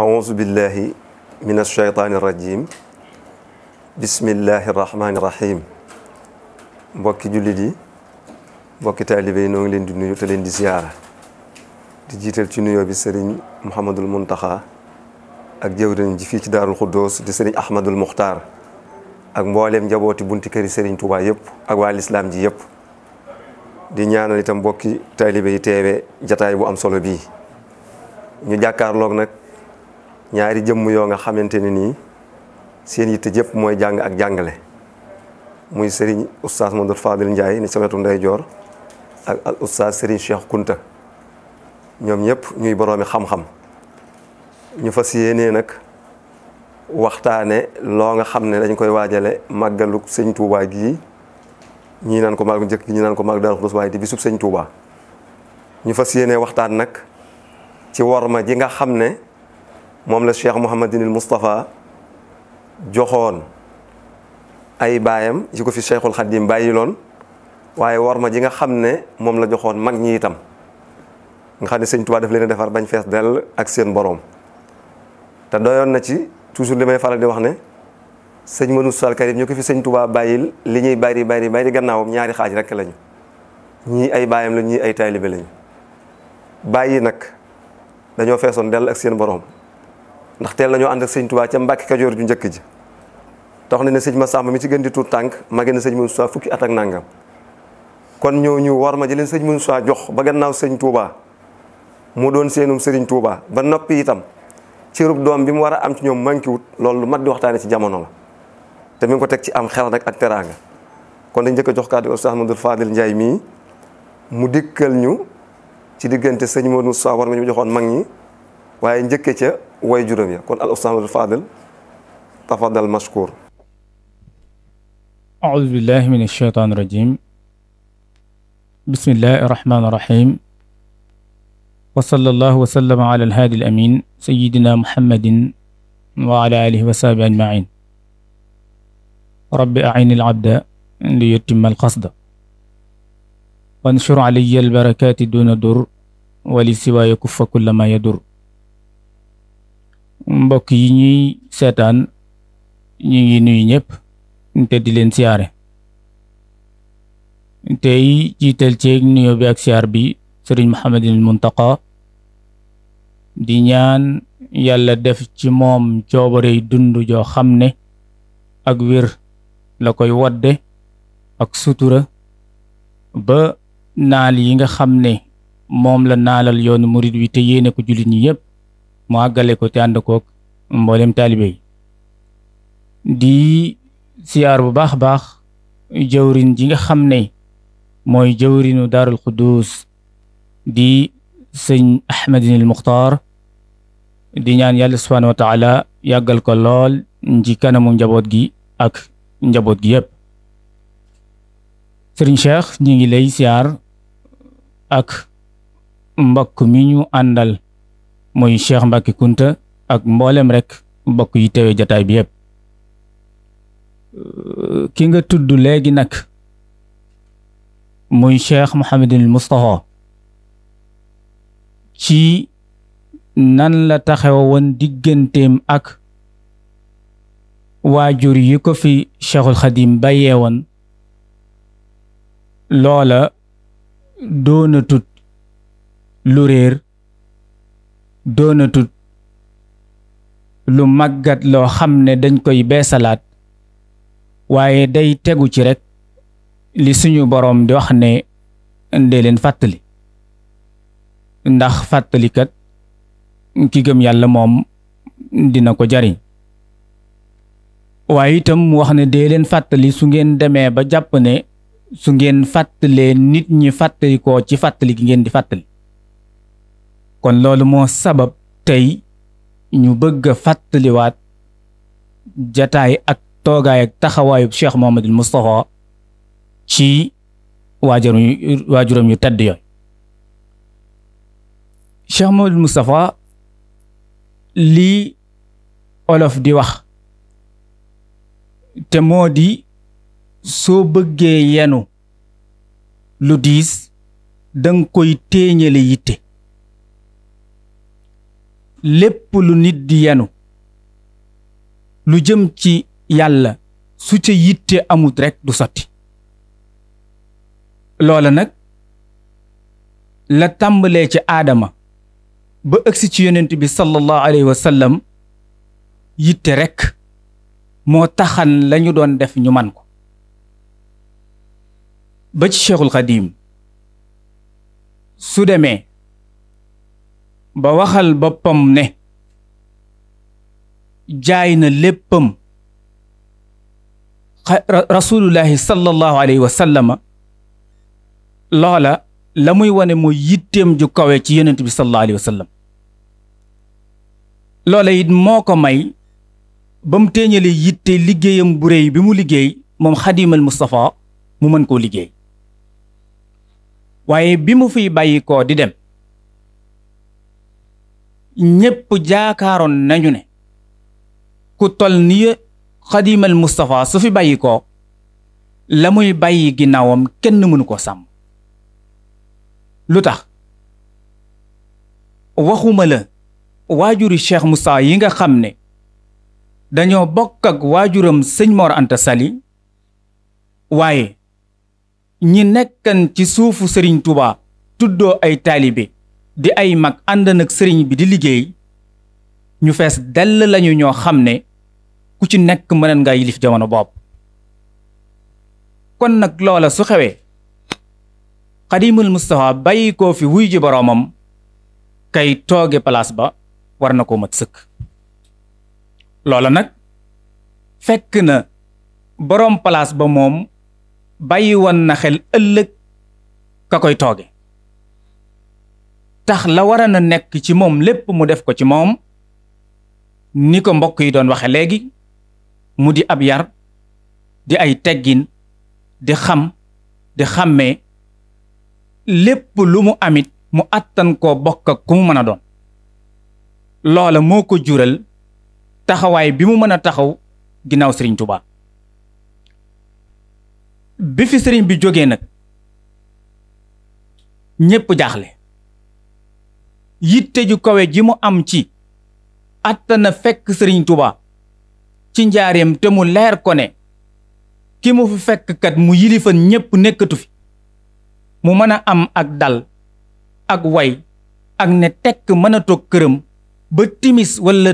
أعوذ بالله من الشيطان الرجيم بسم الله الرحمن الرحيم mbokki jullit yi mbokki taalibe yi noo ngi leen di nuyu te leen di ziyaara di jiital ci nuyoo bi sëriñ Mouhamadul Muntaxa ak jëwriñ ji fii ci Daarul Xuddoos di sëriñ Ahmadul Muxtaar ak mbooleem njabooti bunti këri sëriñ Tuubaa yëpp ak waa lislaam ji yëpp di ñaanal itam mbokki taalibe yi teewe jataay bu am solo bii ñu jàkkaarloog nag ñaari jëmm yoo nga xamante ne nii seen yitte jëpp mooy jàng ak jàngale muy Serigne oustaz Modou Fadil Ndiaye ni sametu ndeyjoor ak al oustaz Serigne Kunta ñoom ñëpp ñuy boroomi xam-xam ñu fas yéenee nag waxtaane loo nga xam ne dañ koy waajale màggalu sëñ Touba gii ñii naan ko mag njëkk ñii naan ko mag Daaru Xudoos waaye di bisub sëñ Touba ñu fas yéenee waxtaan nag ci worma ji nga xam ne moom la cheikh Mouhamadinil Moustapha joxoon ay baayam yi ko fi cheikhul xadim bàyyiloon waaye war ma ji nga xam ne moom la joxoon mag ñi itam nga xam ne sëñ Tuubaa def leen defar bañ fees dell ak seen boroom te doyoon na ci toujours li may faral di wax ne sëñ Manu Sall Karim ñu ko fi sëñ Tuubaa bàyyil li ñuy bari bari bari gannaawam ñaari xaaj rekk lañu ñii ay baayam la ñii ay taalibe lañu bàyyi nag dañoo feesoon dell ak seen boroom ndax teel nañoo ànd ak sëñ Tuubaa ca Mbàkke Kajoor ju njëkk ji tax na ne sëñ ma Massamba mi ci gën di tuur tànk mage na sëñ Moussa fukki at ak nangam kon ñoo ñu war ma ji sëñ sëñ Moussa jox ba gannaaw sëñ Tuubaa mu doon seenum sëriñ Tuubaa ba noppi itam cirub doom bi mu war a am ci ñoom manqué wut loolu lu mat di waxtaane ci jamono la te mi ko teg ci am xel rek ak teraanga kon dañ njëkk jox kàddu Oustaz Ahmadou Fadil Ndiaye mii mu dikkal ñu ci diggante sëñ Modou Moussa war ma ñu joxoon mag ñi waaye njëkke ca way juróom ya kon al ustaadul faadil tafadal mashkur audu billahi min alsheytaan irajim bismillahi irrahmani irrahim wa salla allahu wa sallama ala alhaadi alamin sayidina muhammadin wa ala alihi wa sahbi ajmain rabbi aini alabda li yutima alqasda wanshur alaya albarakati duna dur wa li siwaaya kuffa kulla ma yadur mbokk yi ñuy seetaan ñu ngi nuyu ñëpp te di leen siyaare tey jiital ceeg nuyoo bi ak siyaar bi sëriñ Muhammadul Muntaqa di ñaan yàlla def ci moom coobarey dund joo xam ne ak wér la koy wadde ak sutura ba naal yi nga xam ne moom la naalal yoonu murid wi te yéene ko jullit ñi yëpp mu àggale ko te ànd koog mboolem taalibe di siyaar bu baax a baax jëwrin ji nga xam ne mooy jëwrinu daarul quddus di sëñ ahmadinil muxtaar di ñaan yàlla subhaanahu wa yàggal ko lool ci kanamu njaboot gi ak njaboot gi yépp sëriñ cheikh ñi ngi lay siyaar ak mbokk mi ñu àndal muy Cheikh Mbacke Kunta ak mboolem rekk mbokk yi teewe jataay bi yëpp euh, ki nga tudd léegi nag muy Cheikh Mouhamadul Moustapha ci nan la taxaw woon digganteem ak waajur yi ko fi Cheikhul Xadim bàyyee woon loola doonatut lu réer doonatut lu màggat loo xam ne dañ koy beesalaat waaye day tegu ci rekk li suñu boroom di wax ne ndee leen fàttali ndax fàttalikat ki gëm yàlla moom dina ko jariñ waaye itam mu wax ne dee leen fàttali su ngeen demee ba jàpp ne su ngeen fàttalee nit ñi fàttalikoo ci fàttali gi ngeen di fàttali kon loolu moo sabab tey ñu bëgg a fàttaliwaat jataay ak toogaay ak taxawaayub Cheikh Mouhamadul Moustapha ci waajuram yu waajuram yu tedd yooyu Cheikh lii olof di wax te moo di soo bëggee yenu lu diis danga koy téeñale yitte lépp lu nit di yenu lu jëm ci yàlla su ca yitte amut rekk du sotti loola nag la tàmbalee ci aadama ba ëgsi ci yonent bi sallallahu alayhi yitte rekk moo taxan lañu doon def ñu man ko ba ci ba waxal boppam ne jaay na léppam rasulullahi sallallahu alayhi wa loola la muy wane mooy yitteem ju kawe ci yonent bi sallallahu alayhi wa loola it moo ko may ba mu téeñale yitte liggéeyam bu réy bi mu liggéey moom xadimal Mustafa mu mën koo liggéey waaye bi mu fiy bàyyi koo di dem ñépp jaakaaroon nañu ne ku tol ni xadimal Moustapha su fi bàyyi ko la muy bàyyi ginnaawam kenn mënu ko sàmm lu tax waxuma la waajuri Cheikh Moussa yi nga xam ne dañoo bokkak waajuram sëñ Mor Anta Sali waaye ñi nekkan ci suufu Sëriñ Tuubaa tuddoo ay taalibe di ay mag ànd na sëriñ bi di liggéey ñu fees dell lañu ñoo xam ne ku ci nekk mëneen nga yilif jamono bopp kon nag loola su xewee xadimul Moustapha bàyyi koo fi wuy ji boroomam kay tooge place ba war na ko mat sëkk loola nag fekk na boroom palaas ba moom bàyyi woon na xel ëllëg ka koy tooge tax la war na nekk ci moom lépp mu def ko ci moom ni ko mbokk yi doon waxe léegi mu di ab yar di ay teggin di xam di xàmmee lépp lu mu amit mu àttan koo bokk ku mu mën a doon loola moo ko jural taxawaay bi mu mën a taxaw ginnaaw sëriñ Tuubaa bi fi sëriñ bi jógee nag ñépp jaaxle yitte ju kawe ji mu am ci attana fekk sëriñ Tuuba ci njaareem te mu leer kone ne ki mu fi fekk kat mu yilifan ñépp nekkatu fi mu mën a am ak dal ak way ak ne tekk mën a toog këram ba timis walla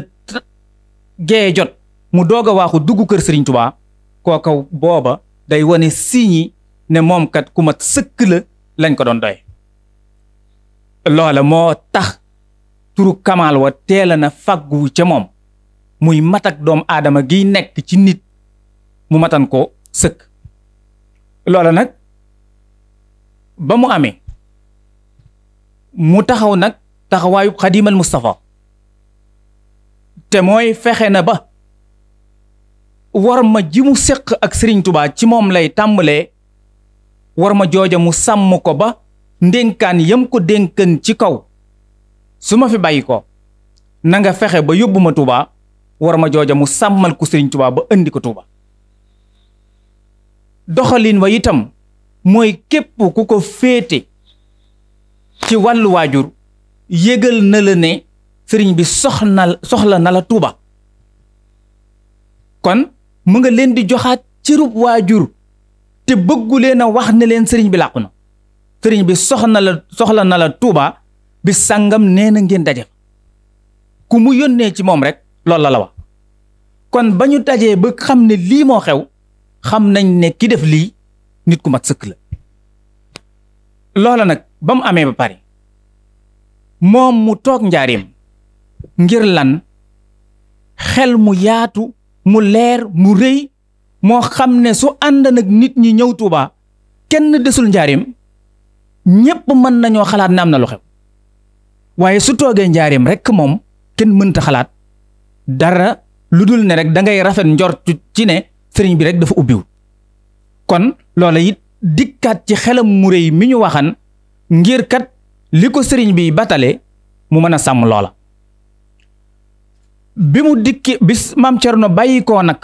gee jot mu doog a waaxu dugg kër sëriñ Tuuba kooka booba day wane signe ne moom kat ku mat sëkk la lañ ko doon doye loole moo tax turu kamaal wa teela na fàggu ca moom muy mat ak doomu aadama giy nekk ci nit mu matan ko sëkk loole nag ba mu amee mu taxaw nag taxawaayu xadimal Mustafa te mooy fexe na ba war ma ji mu séq ak Sëriñ Tubaa ci moom lay tàmbalee war ma jooja mu sàmm ko ba ndénkaan yam ko dénkan ci kaw su ma fi bàyyi ko na fexe ba yóbbu ma Touba war ma jooja mu sàmmal ko Serigne Touba ba indi ko Touba doxalin wa itam mooy képp ku ko féete ci wàllu waajur yégal na la ne sëriñ bi soxla na la Touba kon mu nga leen di joxaat cërub waajur te bëggu leen a wax na leen sëriñ bi làqu na sëriñ bi soxla na la Touba bi sàngam nee na ngeen daje ku mu yónnee ci moom rek loolu la wa kon ba ñu dajee ba xam ne lii moo xew xam nañ ne ki def lii nit ku mat sëkk la loola nag ba mu amee ba pare moom mu toog njaareem ngir lan xel mu yaatu mu leer mu réy moo xam ne su ànd nag nit ñi ñëw Touba kenn desul njaareem ñépp mën nañoo xalaat ne am na lu xew waaye su toogee njaareem rek moom kenn mënta xalaat dara lu dul ne rek da ngay rafet njort ci ne sëriñ bi rek dafa ubbiwul kon loola it dikkaat ci xelam mu rëy mi ñu waxan ngir kat li ko sëriñ bi batale mu mën a sàmm loola bi mu dikki bis maam Cerno bàyyikoo koo nag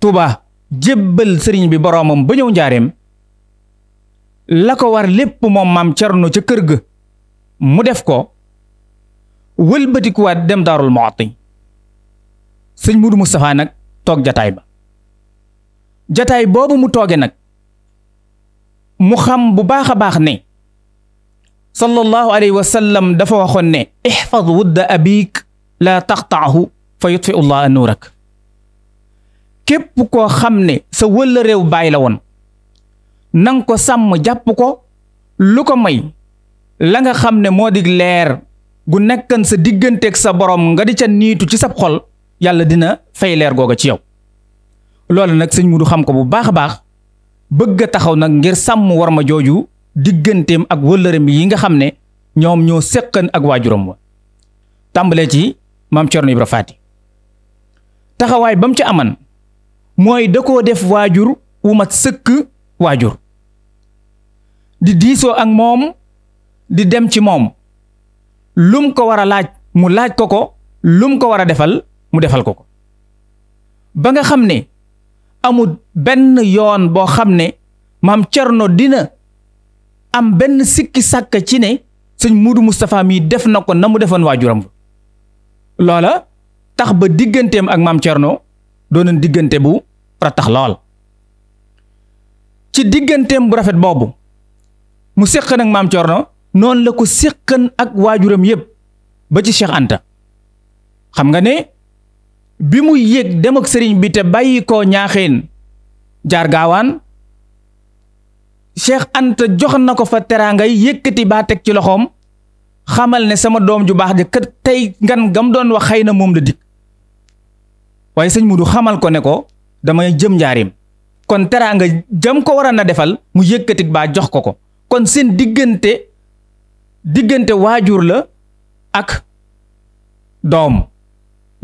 Tuuba jébbal sëriñ bi boroomam ba ñëw njaareem la ko war lépp moom maam Cerno ca kër ga mu def ko wëlbatikuwaat dem daarul Muxti sëñ Mudu Moustapha nag toog jataay ba jataay boobu mu tooge nag mu xam bu baax a baax ne sallallahu alayhi wa dafa waxoon ne ixfad wudda abik laa taqtaahu fa yutfiu llah nuurak képp koo xam ne sa wëla réew bàyyi la woon nang ko sàmm jàpp ko lu ko may la nga xam ne moo dig leer gu nekkan sa digganteeg sa borom nga di ca niitu ci sab xol yàlla dina fay leer googa ci yow loolu nag sëñ Mudu xam ko bu baax a baax bëgg a taxaw nag ngir sàmm war ma jooju digganteem ak wëllëram yi nga xam ne ñoom ñoo sëqan ak waajuram wa tàmbalee ci maam Cerno Ibra Faati taxawaay ba mu ca aman mooy da koo def waajur wu mat sëkk waajur di diisoo ak moom di dem ci moom lum ko war a laaj mu laaj ko ko lum ko war a defal mu defal ko ko ba nga xam ne amul benn yoon boo xam ne maam Cerno dina am benn sikki sàkk ci ne sëñ Muudu Moustapha mii def na ko na mu defoon waajuram loola tax ba digganteem ak maam Cerno doonoon diggante bu ratax lool ci digganteem bu rafet boobu mu séqan ak maam Thierno noonu la ko séqan ak waajuram yëpp ba ci Cheikh Anta xam nga ne bi mu yég dem ak sëriñ bi te bàyyi koo ñaaxeen jaar gaawaan Cheikh Anta jox na ko fa teraangay yékkati baa teg ci loxoom xamal ne sama doom ju baax ja kat tey ngan gam doon wax xëy na moom la dikk waaye sëñ Mudu xamal ko ne ko damay jëm njaarim kon teraanga jam ko waroon a defal mu yëkkatit baa jox ko ko kon seen diggante diggante waajur la ak doom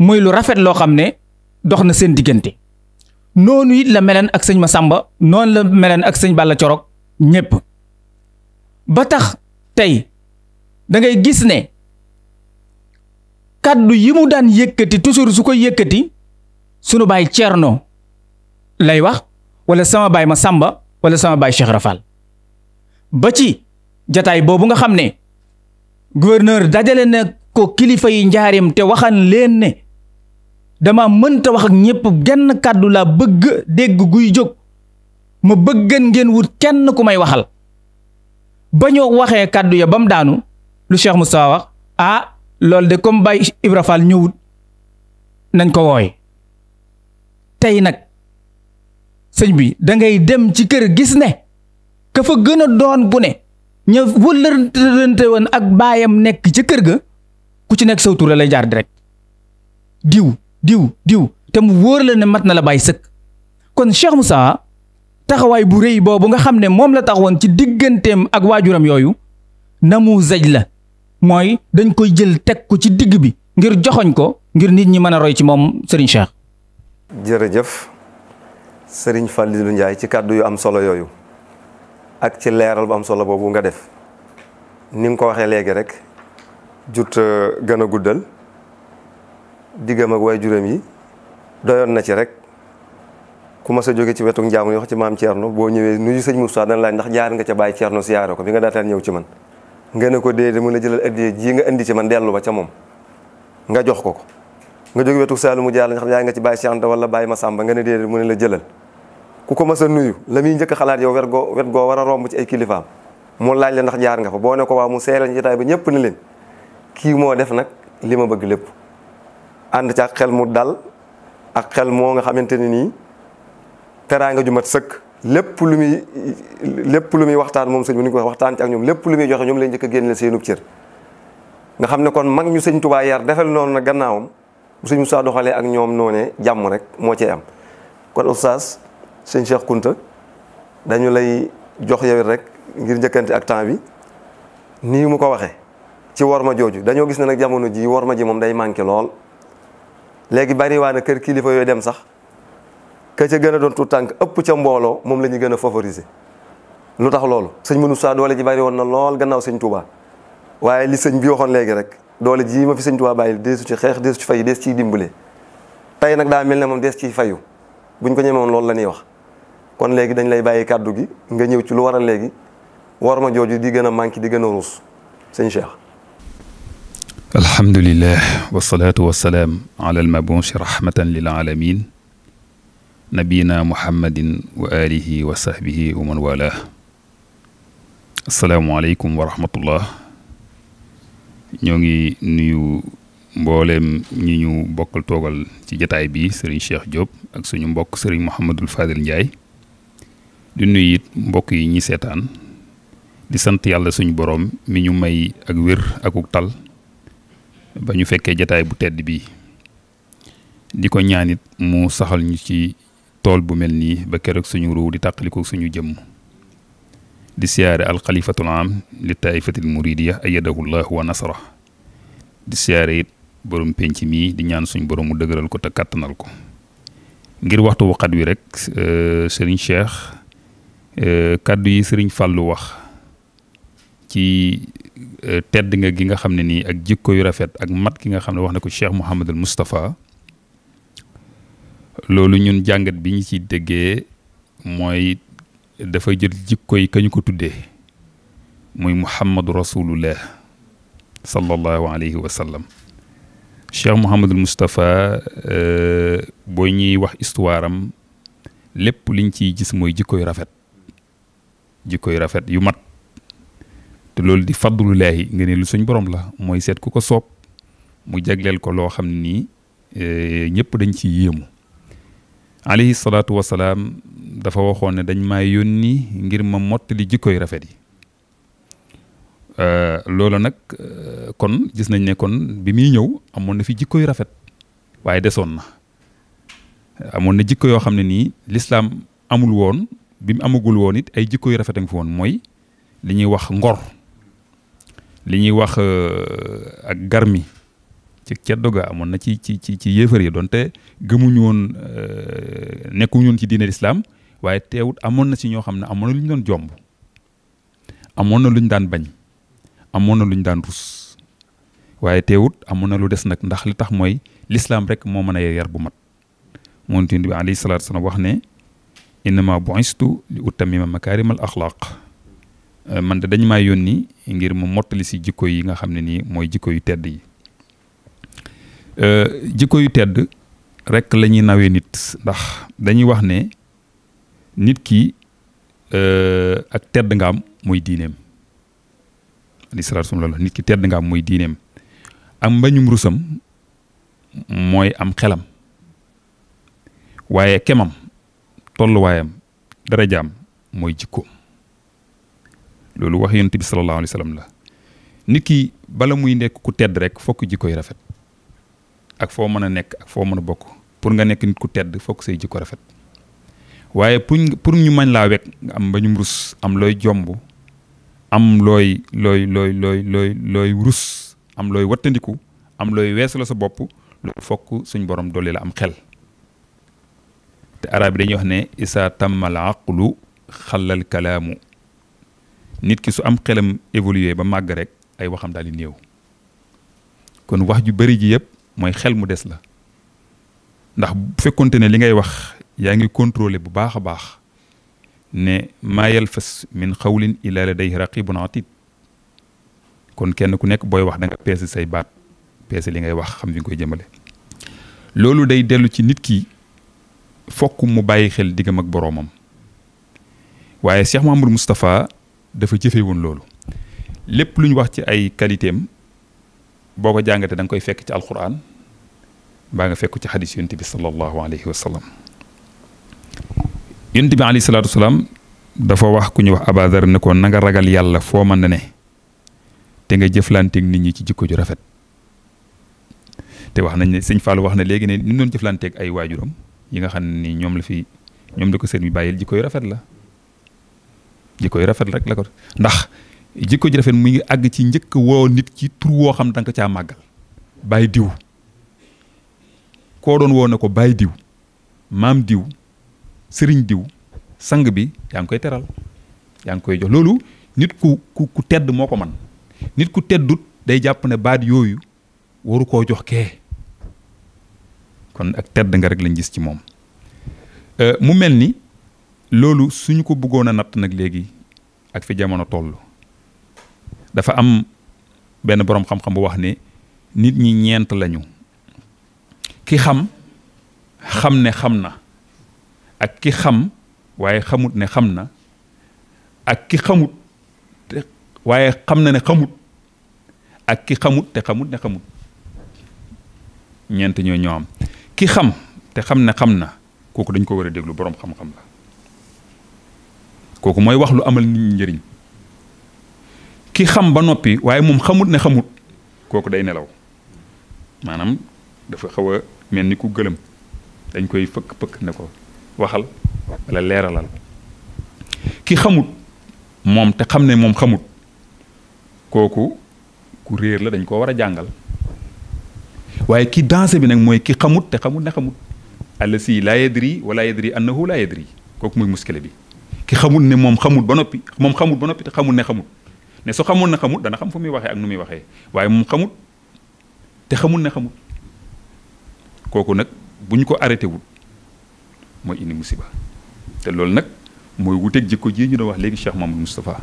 muy lu rafet loo xam ne dox na seen diggante noonu it la meleen ak sëñ sàmba noonu la meleen ak sëñ Balla Corog ñépp ba tax tey dangay gis ne kàddu yi mu daan yëkkati toujours su ko yëkkati sunu baay noo lay wax wala sama baay ma sàmba wala sama baay Cheikh Rafal ba ci jataay boobu nga xam ne gouverneur dajale na ko kilifa yi njaarim te waxan leen ne dama mënta wax ñépp genn kàddu laa bëgg dégg guy jóg ma bëggan ngeen wut kenn ku may waxal ba ñoo waxee kàddu ya ba mu daanu lu Cheikh Moustapha wax ah loolu de comme Baye Ibra ñëwut nañ ko wooy tey nag sëñ bi dangay dem ci kër gis ne ka fa gën a doon bu ne ña wëllërante woon ak baayam nekk ci kër ga ku ci nekk saw tur lay jaar direct diw diw diw te mu wóor ne mat na la bàyyi sëkk kon Cheikh Moussa taxawaay bu rëy boobu nga xam ne moom la taxawoon ci digganteem ak waajuram yooyu na mu zaj la mooy dañ koy jël teg ko ci digg bi ngir joxoñ ko ngir nit ñi mën a roy ci moom Serigne Cheikh. jërëjëf. sëriñ lu Ndiaye ci kàddu yu am solo yooyu ak ci leeral bu am solo boobu nga def ni nga ko waxee léegi rek jut euh, gën a guddal diggam ak way juróom yi doyoon na ci rek ku mas a jóge ci wetu njaamu yoo xam ci maam Thierno boo ñëwee nuyu sëñ Moussa dana laaj ndax jaar nga ca bàyyi Thierno siyaare ko bi nga daataan ñëw ci man nga ne ko déedéet mu la jëlal addiya ji nga indi ci man dellu ba ca moom nga jox ko ko nga jóge wetu Saalum mu jaar la ndax jaar nga ci bàyyi Cheikh Anta wala la jëlal ku ko mës a nuyu la muy njëkk xalaat yow wet goo war a romb ci ay kilifaam mu laaj la ndax jaar nga fa boo ne ko waa mu seeral jotaay ba ñëpp ni leen kii moo def nag li ma bëgg lépp ànd ci ak xel mu dal ak xel moo nga xamante ne nii teraanga ju mat sëkk lépp lu muy lépp lu muy waxtaan moom sëñ bi ni ko waxtaan ci ñoom lépp lu muy joxe ñoom lañ njëkk a génneel seenub nga xam ne kon mag ñu sëñtu Tuubaa yar defal noonu nag gannaawam bu sëñ Musaa doxalee ak ñoom noonee jàmm rek moo cee am kon oustaz sëñ Cheikh Kunta dañu lay jox yowit rek ngir njëkkante ak temps bi nii mu ko waxee ci worma jooju dañoo gis ne nag jamono ji worma ji moom day manqué lool léegi bari waa na kër kilifa yooyu dem sax ka gën a doon tuut tànk ëpp ca mbooloo moom la ñu gën a favoriser lu tax loolu sëñ Manoune Sousa doole ji bari woon na lool gannaaw sëñ Touba waaye li sëñ bi waxoon léegi rek doole jii ma fi sëñ Touba bàyyi deesu ci xeex deesu ci fayu dees ciy dimbale tey nag daa mel ne moom dees ciy fayu buñ ko ñemewoon loolu la ñuy wax kon léegi dañ lay bàyyi kàddu gi nga ñëw ci lu waral léegi war ma jooju di gën a manqué di gën a ruus sëñ Cheikh alhamdulilah wasalaatu wasalaam ala almabuusi rahmatan lil alamin nabiyina muhammadin wa alihi wa sahbihi wa wa rahmatullah ñoo ngi nuyu mbooleem ñu ñu bokkal toogal ci jataay bi sëriñ Cheikh Diop ak suñu mbokk sëriñ Mouhamadul Fadil Ndiaye di nuyu it mbokk yi ñi seetaan di sant yàlla suñu boroom mi ñu may ak wér akuk tal ba ñu fekkee jataay bu tedd bii di ko ñaanit mu saxal ñu ci tool bu mel nii ba keroog suñu ruu di tàqaliko suñu jëmm di siyaare alxalifatul am li taifatil muridiya ayadahullahu wa nasra di siyaare it borom penc mii di ñaan suñu borom mu dëgëral ko te kàttanal ko ngir waxtu waxat wi rek euh, Serigne Cheikh Euh, kàddu yi sëriñ Fallou wax ci euh, tedd nga gi nga xam ne nii ak jikko yu rafet ak mat ki nga xam ne wax na ko Cheikh Mouhamadul Moustapha loolu ñun jàngat bi ñu ci déggee mooy dafa jël jikko yi kañu ko tuddee muy Mouhamadu rasulullah sallallahu alayhi wa sallam Cheikh Mouhamadul Moustapha euh, boo ñuy wax histoire am lépp liñ ciy gis mooy jikko yu rafet. jikko yu rafet yu mat te loolu di fadlulaahi nga ne lu suñ boroom la mooy seet ku ko soob mu jagleel ko loo xam ni e, ñëpp dañ ci yéemu alayhi salaatu wasalaam dafa waxoon ne dañ maa yónni ngir ma mottali jikko yu rafet yi e, loolu nag e, kon gis nañ ne kon bi muy ñëw amoon na fi jikko yu rafet waaye desoon na amoon na jikko yoo xam ne nii lislaam amul woon bi mu amagul woon it ay jikko yu rafet a ngi fi woon mooy li ñuy wax ngor li ñuy wax euh, ak garmi ci ceddo ga amoon na ci ci ci ci yéefar yi gëmuñu woon euh, nekkuñu woon ci diine lislaam waaye teewut amoon na si ñoo xam ne amoon na lu ñu doon jomb amoon na lu ñu daan bañ amoon na lu ñu daan rus waaye teewut amoon na lu des nag ndax li tax mooy lislaam rek moo mën a yar bu mat moom itamit bi alayhi salaatu wa salaam wax ne. innama bu'istu li utammima makaarimal axlaaq man de dañ maa yónni ngir mu mottali si jikko yi nga xam ne nii mooy jikko yu tedd yi jikko yu tedd rekk la ñuy nawee nit ndax dañuy wax ne nit ki ak tedd nga am mooy diineem lisratum loolu nit ki tedd nga am mooy am mbañum rusam mooy am xelam waaye kemam tolluwaayam darajaam mooy jikkoom loolu wax yonent bi sallallahu alayhi wa la nit ki bala muy nekk ku tedd rek fokk jikko yi rafet ak foo mën a nekk ak foo mën a bokk pour nga nekk nit ku tedd fokk say jikko rafet waaye pour pour ñu mën laa wekk nga am ba ñu rus am looy jomb am looy looy looy looy looy looy rus am looy wattandiku am looy weesu la sa bopp loolu fokk suñ borom dolli la am xel te arab yi dañuy wax ne isaa tàmmal lu xalal kalaamu nit ki su am xelam évolué ba màgg rek ay waxam daal di néew kon wax ju bari ji yëpp mooy xel mu des la ndax fekkonte ne li ngay wax yaa ngi contrôler bu baax a baax ne maa yalfas min xawlin illa ladayhi raqibun atid kon kenn ku nekk booy wax da nga peese say baat peese li ngay wax xam fi nga koy jëmale loolu day dellu ci nit ki fokk mu bàyyi xel diggam ak boroomam waaye Cheikh Mouhamadou Moustapha dafa jëfe woon loolu lépp lu ñu wax ci ay qualité boo ko jàngatee danga koy fekk ci alquran baa nga fekk ci xadis yonent bi sallallahu alayhi wa sallam yonent bi alayhi salaatu wasalaam dafa wax ku ñu wax abadar ne ko nanga ragal yàlla foo mën na ne te nga jëflanteeg nit ñi ci jikko ju rafet te wax nañ ne sëñ Fall wax na léegi ne ni mu doon jëflanteeg ay waajuram yi nga xam ni ñoom la fi ñoom la ko sëriñ bi bàyyil jikko yu rafet la jikko yu rafet rek la ko ndax jikko ji rafet mu ngi àgg ci njëkk woo nit ci tur woo xam danga ko caa màggal bàyyi diw koo doon woo ne ko bàyyi diw maam diw sëriñ diw sang bi yaa ngi koy teral yaa ngi koy jox loolu nit ku ku ku tedd moo ko man nit ku teddut day jàpp ne baat yooyu waru koo jox ke kon ak tedd nga rek lañ gis ci moom euh, mu mel ni loolu suñu ko bëggoon a natt nag léegi ak fi jamono toll dafa am benn boroom xam-xam bu wax ne nit ñi ñeent lañu ki xam xam ne xam na ak ki xam waaye xamut ne xam na ak ki xamut waaye xam na ne xamut ak ki xamut te xamut ne xamut ñeent ñoo ñoo am ki xam te xam ne xam na kooku dañ ko war a déglu boroom xam-xam la kooku mooy wax lu amal nit ñi njëriñ ki xam ba noppi waaye moom xamut ne xamut kooku day nelaw maanaam dafa xaw a mel ni ku gëlëm dañ koy fëkk fëkk ne ko waxal walla leeralal ki xamut moom te xam ne moom xamut kooku ku réer la dañ koo war a jàngal waaye ki dansé bi nag mooy ki xamut te xamut ne xamut àlla si laa yadri wala yadri annahu laa yadri kooku mooy muskile bi ki xamut ne moom xamut ba noppi moom xamut ba noppi te xamut ne xamut ne su xamul ne dana xam fu muy waxee ak nu waxee waaye moom xamut te xamul ne kooku nag bu ñu ko arrêté wul mooy indi musiba te loolu nag mooy wuteeg jikko ji ñu doon wax léegi Cheikh Mamadou Moustapha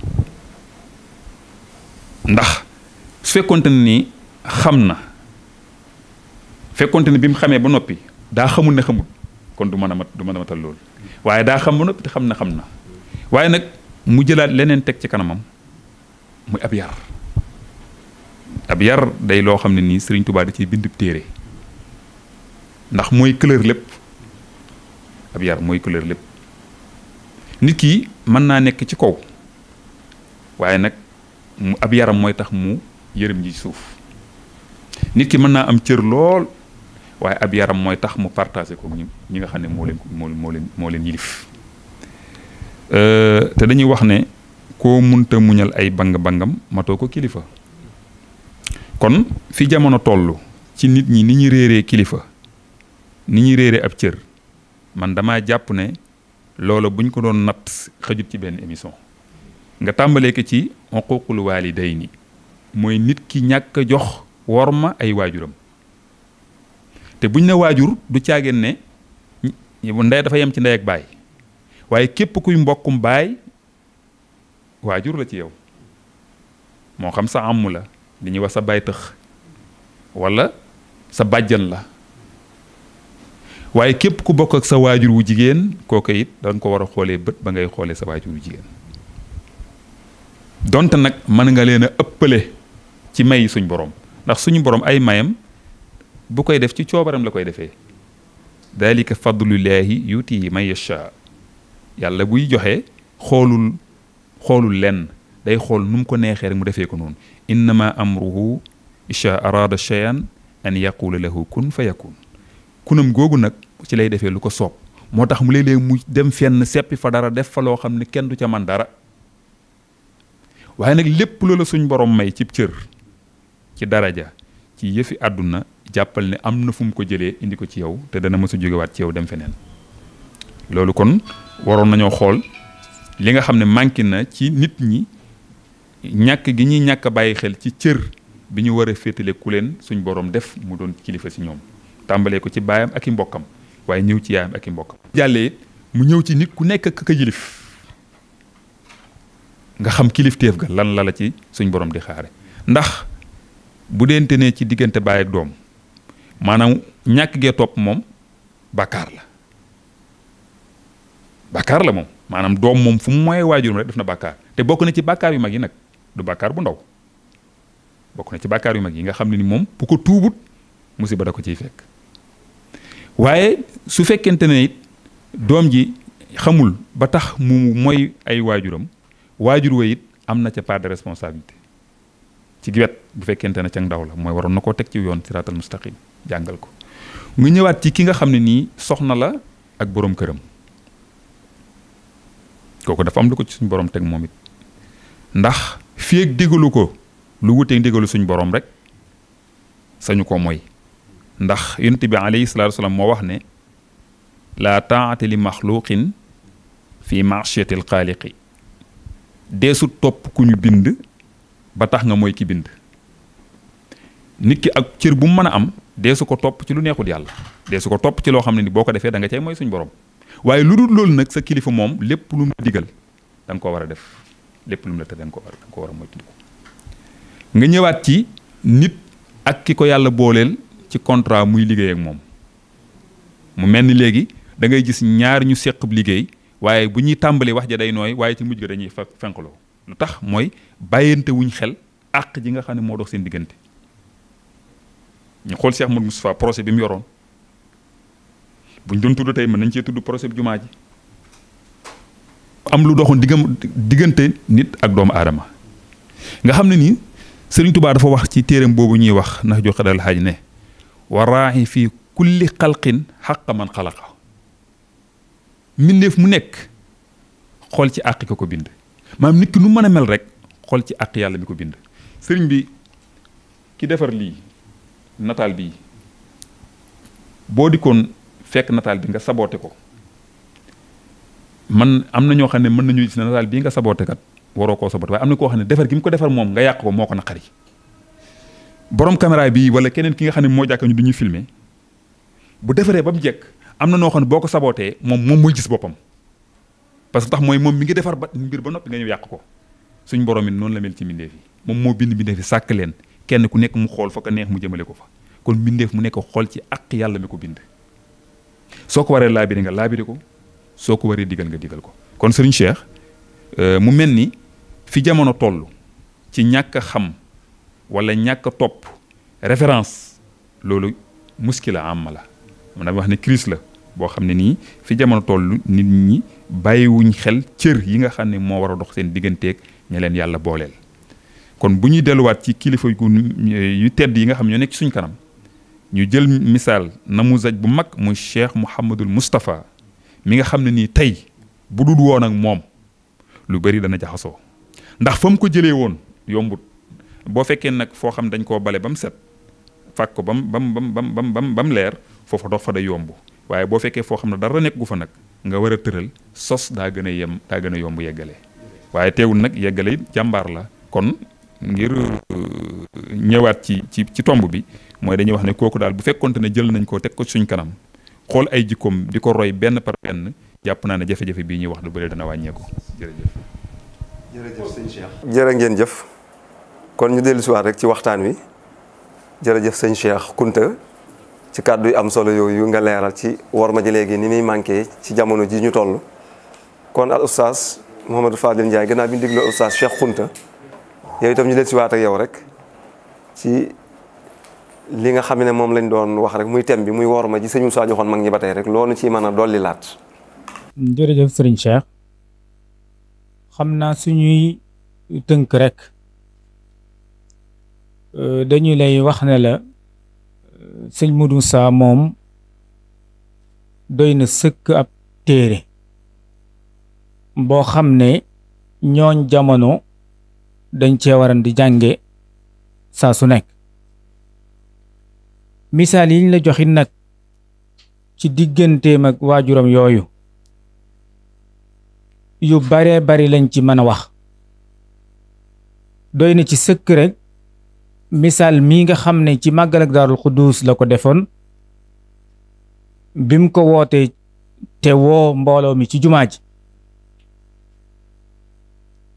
ndax su fekkonte ni xam na fekkonte ne bi mu xamee ba noppi daa xamul ne xamul kon du mën a mat du mën a matal lool waaye daa xam ba noppi te xam na xam na waaye nag mu jëlaat leneen teg ci kanamam muy ab yar ab yar day loo xam ne nii Serigne Touba da ciy téere ndax mooy couleur lépp ab mooy couleur lépp nit ki mën naa nekk ci kaw waaye nag mu ab yaram mooy tax mu yërëm yi suuf nit ki mën naa am cër lool waaye ab yaram mooy tax mu partagé kook ñi ñi nga xam ne moo leen moo moo leen moo leen yilif euh, te dañuy wax ne koo munta muñal ay bang-bangam matoo ko kilifa kon fi jamono toll ci nit ñi ni ñu réeree kilifa ni ñu réere ab cër man dama jàpp ne loola buñ ko doon natt xajut ci benn émission nga tàmbalee ko ci day waalidayni mooy nit ki ñàkk jox ma ay waajuram te buñ ne waajur du caageen ne ndey dafa yem ci ndey ak baay waaye képp kuy mbokkum baay waajur la ci yow moo xam sa àmm la li ñuy wax sa baay tëx walla sa bàjjan la waaye képp ku bokk ak sa waajur wu jigéen kooku it danga ko war a xoolee bët ba ngay xoolee sa waajur wu jigéen donte nag mën nga leen a ëppale ci may suñ borom ndax suñu borom ay mayam bu koy def ci coobaram la koy defee dalika fadlullahi yutii may yasha yàlla buy joxe xoolul xoolul lenn day xool nu mu ko neexee rek mu defee ko noonu innama amruhu isha arada cheyan an yaqula lahu kun fa yakun kunam googu nag ci lay defee lu ko soob moo tax mu léeg-léeg mu dem fenn seppi fa dara def fa loo xam ne kenn du ca man dara waaye nag lépp loola suñ borom may cib cër ci daraja ci yëfi àdduna jàppal ne am na fu mu ko jëlee indi ko ci yow te dana mës a jógewaat ci yow dem feneen loolu kon waroon nañoo xool li nga xam ne manqué na ci nit ñi ñàkk gi ñuy ñàkk a bàyyi xel ci cër bi ñu war a féetale ku leen suñ borom def mu doon kilifa si ñoom tàmbalee ko ci baayam ak i mbokkam waaye ñëw ci yaayam ak i mbokkam. jàllee mu ñëw ci nit ku nekk ak a yilif nga xam kilifteef ga lan la la ci suñ borom di xaare ndax bu dente ne ci diggante baay ak doom. maanaam ñàkk gee topp moom bàkkaar la bàkkaar la moom maanaam doom moom fu mu mooy waajurum rek def na bàkkaar te bokk na ci bàkkaar yu mag yi nag du bàkkaar bu ndaw bokk na ci bàkkaar yu mag yi nga xam ne ni moom bu ko tuubut musiba da ko ciy fekk waaye su fekkente ne it doom ji xamul ba tax mu mooy ay waajuram waajur wa it am na ca part de responsabilité ci wet bu fekkente ne ca ndaw la mooy waroon na koo teg ci yoon siraatal mustaqim jàngal ko mu ñëwaat ci ki nga xam ne nii soxna la ak boroom këram kooku dafa am lu ko ci suñ borom teg moom it ndax fii ak ko lu wuteeg digalu suñ boroom rek sañu ko mooy ndax yonent bi alayhi salaatu wasalaam moo wax ne laa taa'ata li maxluqin fi maasiyatil xaaliqi deesu topp ku ñu bind ba tax nga mooy ki bind nit ki ak cër bu mu mën a am deesu ko topp ci lu neexul yàlla deesu ko topp ci loo xam ne ni boo ko defee da nga cay mooy suñ borom waaye lu dul loolu nag sa kilifa moom lépp lu mu la digal da ko war a def lépp lum mu la te da ko war a da nga ko war a moytandiku nga ñëwaat ci nit ak ki ko yàlla booleel ci contrat muy liggéey ak moom mu mel ni léegi da ngay gis ñaar ñu sequb liggéey waaye bu ñuy tàmbali wax ja day nooy waaye ci mujj ga dañuy fenqloo lu tax mooy bàyyante wuñ xel àq ji nga xam ne moo dox seen diggante ñu xool Cheikh Modou Moustapha procès bi mu yoroon buñ doon tudd tey mën nañ cee tudd procès bi am lu doxoon diggam diggante nit ak doomu aadama nga xam ne nii Sëriñ Tubaa dafa wax ci téereem boobu ñuy wax ndax joxe dal xaaj ne waraaxi fii kulli xalqin xaqa man xalaqa mbindeef mu nekk xool ci àq ko ko bind maanaam nit ki nu mën a mel rek xool ci àq yàlla mi ko bind sëriñ bi ki defar lii nataal bi boo dikkoon fekk nataal bi nga saboote ko man am na ñoo xam ne mën nañu gis ne nataal bii nga saboote kat waroo koo saboote waaye am na koo xam ne defar gi mu ko defar moom nga yàq ko moo ko naqari borom caméra wala keneen ki nga xam ne moo jàkkañu du ñuy filmer bu defaree ba mu jekk am na noo xam ne boo ko sabootee moom moom muy gis boppam parce que tax mooy moom mi ngi defar ba mbir ba noppi nga ñëw yàq ko suñ borom it noonu la mel ci mbindeef yi moom moo bind mbindeef yi sàkk leen kenn ku nekk mu xool fa ko neex mu jëmale ko fa kon mbindeef mu nekk xool ci àq yàlla mi ko bind soo ko waree laabiri nga laabiri ko soo ko waree digal nga digal ko kon sëriñ Cheikh euh, mu mel ni fi jamono toll ci ñàkk xam wala ñàkk topp référence loolu muskila am la maanaam wax ne crise la boo xam ne nii fi jamono toll nit ñi bàyyiwuñ xel cër yi nga xam ne moo war a dox seen digganteek ña leen yàlla booleel kon bu ñuy delluwaat ci kilifa yu tedd yi nga xam ñoo nekk suñ kanam ñu jël misaal namuzaj bu mag muy cheikh Mouhamadul mustafa mi nga xam ne nii tey bu dul woon ak moom lu bari dana jaxasoo ndax fa mu ko jëlee woon yombut boo fekkee nag foo xam dañ koo bale ba mu set fàkk ko ba mu ba mu ba mu ba mu leer foofa dox fa day yomb waaye boo fekkee foo xam ne dara nekk gu fa nag nga war a tëral sos daa gën a yem daa gën a yomb yeggale waaye teewul nag yeggale jàmbaar la kon ngir euh, ñëwaat ci ci ci tomb bi mooy dañuy wax ne kooku daal bu fekkonte ne jël nañ ko teg ko suñ kanam xool ay jikkoom di ko roy benn par benn jàpp naa ne jafe-jafe bii ñuy wax lu bëri dana wàññeeku jërëjëf. jërëjëf ngeen jëf kon ñu dellu si rek ci waxtaan wi jërëjëf sëñ Cheikh Kounta ci kàddu yu am solo yooyu nga leeral ci war ma ji léegi ni muy manqué ci jamono ji ñu toll kon al oustaz Mouhamadou Fadil Ndiaye gannaaw bi ñu dégloo oustaz Cheikh Kounta yow itam ñu del si waat ak yow rek ci li nga xam ne moom lañ doon wax rek muy thème bi muy worma ci sëñ Moussa joxoon mag ñi ba tey rek loolu ci mën a dolli laat jërëjëf sëriñ Cheikh xam naa suñuy tënk rek euh, dañu lay wax ne la euh, sëñ Modou Moussa moom doy na sëkk ab téere boo xam ne ñooñ jamono dañ cee waran di jànge saa su nekk misaal yiñ la joxit nag ci digganteem ak waajuram yooyu yu baree bari lañ ci mën a wax doy na ci sëkk rek misaal mii nga xam ne ci màggal ak daarul xuduus la ko defoon bim ko wootee te woo mbooloo mi ci jumaa ji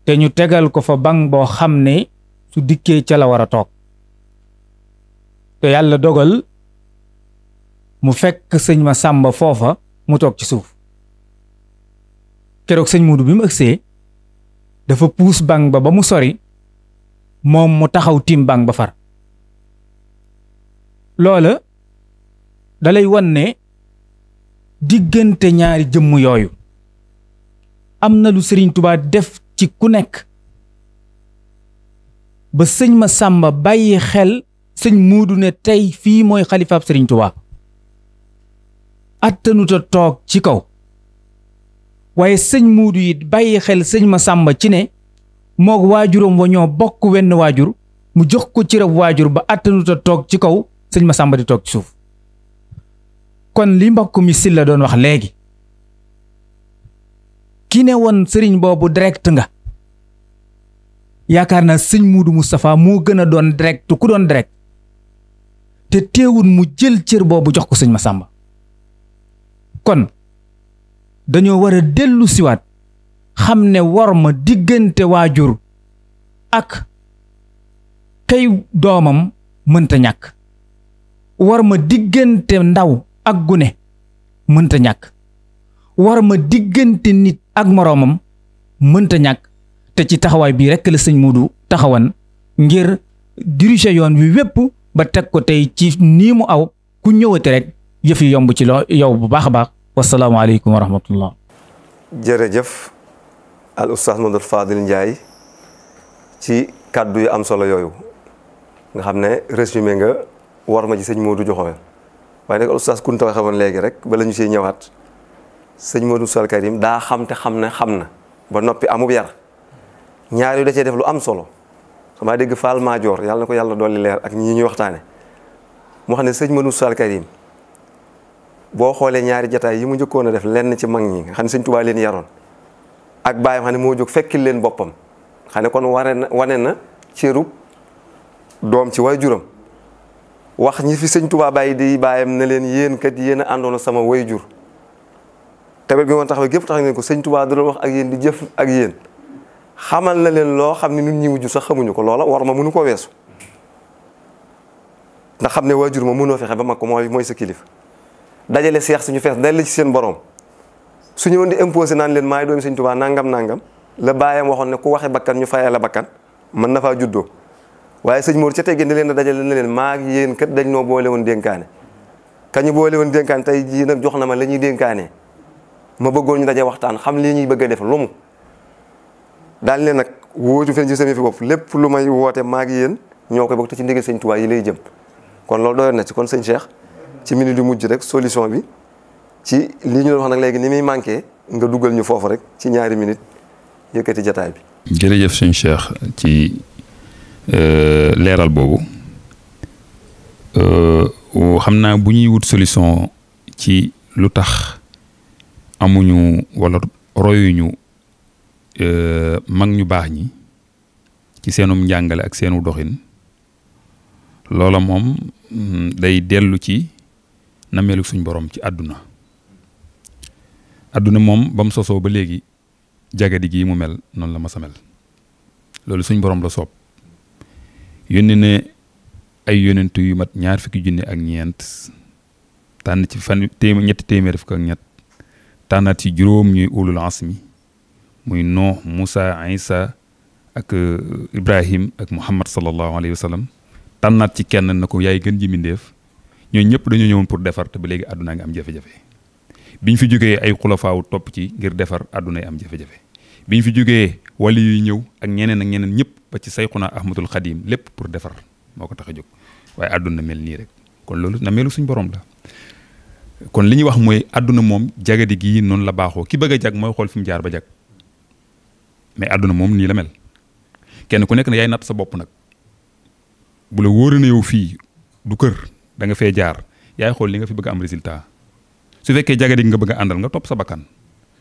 te ñu tegal ko fa bang boo xam ne su dikkee ca la war a toog te yàlla dogal mu fekk sëñ ma sàmba foofa mu toog ci suuf keroog sëñ Muudu bi mu ëgsee dafa puus bang ba ba mu sori moom mu taxaw tiim bang ba far loola dalay wan ne diggante ñaari jëmm yooyu am na lu Sëriñ Tuubaa def ci ku nekk ba sëñ ma sàmba bàyyi xel sëñ muudu ne tey fii mooy xalifaab sëriñ Tuubaa attanuta toog ci kaw waaye sëñ muudu it bàyyi xel sëñ ma sàmba ci ne moog waajuram wa ñoo bokk wenn waajur mu jox ko ci rab waajur ba attanuta toog ci kaw sëñ ma sàmba di toog ci suuf kon li mbokk mi Sylla doon wax léegi kii ne won sëriñ boobu direct nga yaakaar naa sëñ Muudu safaa moo gën a doon direct ku doon direct te teewul mu jël cër boobu jox ko sëñ sàmba kon dañoo war a dellu siwaat xam ne war ma diggante waajur ak kay doomam mënta ñàkk war ma diggante ndaw ak gune mënta ñàkk war ma diggante nit ak moroomam mënta ñàkk te ci taxawaay bii rek la sëñ Modou taxawan ngir dirise yoon wi wépp ba teg ko tey ci nii mu aw ku ñëwate rek yëf yomb ci loo yow bu baax a baax wasalaamaaleykum wa rahmatullah jërëjëf al oustaz Modou Fadil Ndiaye ci kàddu yu am solo yooyu nga xam ne résumé nga war ma ci sëñ Modou joxoon waaye nag al oustaz Kunta waxee woon léegi rek ba lañu see ñëwaat sëñ Modou Sall Karim daa xam te xam ne xam na ba noppi amub yar ñaar da cee def lu am solo sama dégg Fall Maajoor yàlla ko yàlla dolli leer ak ñi ñuy waxtaane mu xam ne sëñ Modou Sall Karim boo xoolee ñaari jataay yi mu njëkkoon a def lenn ci mag ñi xam ne sëñ Tuubaa leen yaroon ak bàyyam xam ne moo jóg fekkil leen boppam xam ne kon ware na wane na cërub doom ci juram wax ñi fi sëñ Tuubaa bàyyi di bàyyam na leen yéen kat yéen a àndoona sama waajur tawet gi woon taxaw gépp tax ngeen ko sëñ Tuubaa da wax ak yéen di jëf ak yéen xamal na leen loo xam ne ñun ñi wujju sax xamuñu ko loola war ma mënu koo weesu ndax xam ne waajur ma mënoo fexe ba mag ko mooy mooy sa kilif dajale seex suñu fees dal la ci seen borom su ñëwoon di imposé naan leen maa maay doom sëñ Tuubaa nangam nangam la baayam waxoon ne ku waxe bakkan ñu fayal la bakkan mën na faa juddoo waaye sëñ Mor ca teggee ne leen a dajale na leen maa yéen kat dañ noo boole woon dénkaane kañu boole woon dénkaane jii nag jox na ma la ñuy dénkaanee ma bëggoon ñu daje waxtaan xam li ñuy bëgg a def lu daal ne nag wóotu fen ci sama fi bopp lépp lu may woote maa ngi yéen ñoo koy bokk te ci ndigal sëñ Tuubaa yi lay jëm kon loolu doo na ci kon sëñ Cheikh ci minute yu mujj rek solution bi ci li ñu doon nag léegi ni muy manqué nga dugal ñu foofu rek ci ñaari minute yëkkati jataay bi jërëjëf sëñ Cheikh ci euh, leeral boobu euh, xam naa bu ñuy wut solution ci lu tax amuñu wala royuñu euh, mag ñu baax ñi ci seenum njàngale ak seenu doxin loola moom mm, day dellu ci nameelu suñ borom ci àdduna àdduna moom ba sosoo ba léegi jagadi gii mu mel noonu la ma sa mel loolu suñ borom la soob yónni ne ay yónentu yu mat ñaar fukki junne ak ñeent tànn ci fan téeméer ñetti téeméer fukk ak ñett tànnaat ci juróom ñuy ulul asmi muy Nuux Moussa Isa ak euh, Ibrahim ak Muhammad sallallahu alayhi wa sallam tànnaat ci kenn na ko yaay gën ji mindeef ñooñu ñëpp dañoo ñëwoon pour defar te ba léegi àdduna am jafe-jafe biñ fi jógee ay xulafaawu topp ci ngir defar àdduna yi am jafe-jafe biñ fi jógee wali yuy ñëw ak ñeneen a ñeneen ñëpp ba ci sayxuna Ahmadul Xadim lépp pour defar moo ko tax a jóg waaye àdduna mel nii rek kon loolu na melu suñ borom la kon li ñuy wax mooy àdduna moom jagadi gii noonu la baaxoo ki bëgg a jag mooy xool fi mu jaar ba jag mais àdduna moom nii la mel kenn ku nekk na yaay natt sa bopp nag bu la wóoree na yow fii du kër da nga fee jaar yaay xool li nga fi bëgg am résultat su fekkee jagadi nga bëgg a àndal nga topp sa bakkan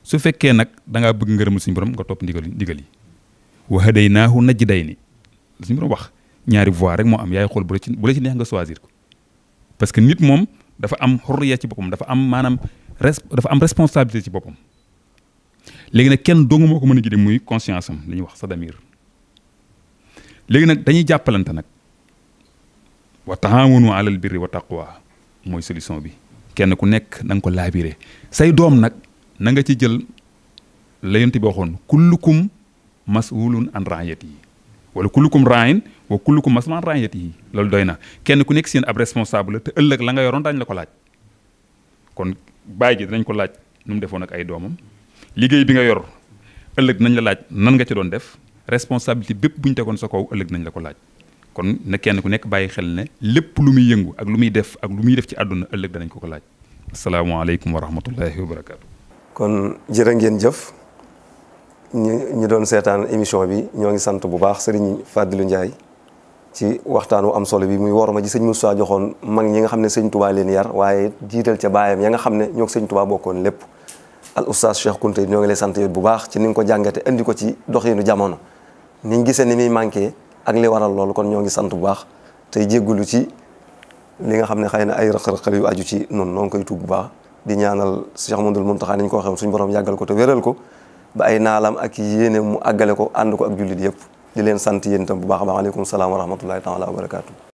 su fekkee nag da ngaa bëgg ngërëmu suñu borom nga topp ndigal ndigal yi wa day ni suñu borom wax ñaari voie rek moo am yaay xool bu la ci la ci neex nga choisir ko parce que nit moom. dafa am xurriya ci boppam dafa am maanaam res dafa am responsabilité ci boppam léegi nag kenn dong moo ko mën a gide muy conscience am li ñuy wax sa damir léegi nag dañuy jàppalante nag wa taawanu alal birri wa waa mooy solution bi kenn ku nekk na nga ko laabire say doom nag na nga ci jël la yonent bi waxoon kullukum mas'ulun an raayati yi wala kullukum raayin wa kullukum masman yi loolu doy na kenn ku nekk seen ab responsable la te ëllëg la nga yoroon daañu la ko laaj kon bàyyi ji dinañ ko laaj nu mu defoon ak ay doomam liggéey bi nga yor ëllëg nañ la laaj nan nga ci doon def responsabilité bépp bu ñu tegoon sa kaw ëllëg nañ la ko laaj kon na kenn ku nekk bàyyi xel ne lépp lu muy yëngu ak lu muy def ak lu muy def ci àdduna ëllëg danañ ko ko laaj asalaamaaleykum wa rahmatullahi wa barakaatu. kon jërë ngeen jëf. ñu ñu doon seetaan émission bi ñoo ngi sant bu baax sëriñ Fadilou Ndiaye ci waxtaan wu am solo bi muy worma ci sëñ Moussa joxoon mag ñi nga xam ne sëñ leen yar waaye jiital ca baayam ya nga xam ne ñoo sëñ Touba bokkoon lépp al oustaz Cheikh Kounta ñoo ngi lay sant yow bu baax ci ni nga ko jàngate indi ko ci doxinu jamono niñ gisee ni muy manqué ak li waral loolu kon ñoo ngi sant bu baax tey jéggulu ci li nga xam ne xëy na ay rëq-rëqal yu aju ci noonu noo ngi koy tuub bu baax di ñaanal Cheikh Moundoul Mountakha ni ñu ko waxee woon borom yàggal ko te wéral ko ba ay naalam ak yéene mu àggale ko ànd ko ak jullit yëpp di leen sant yéen itam bu baax a baax aleykum salaam wa rahmatullahi taala wa barakaatu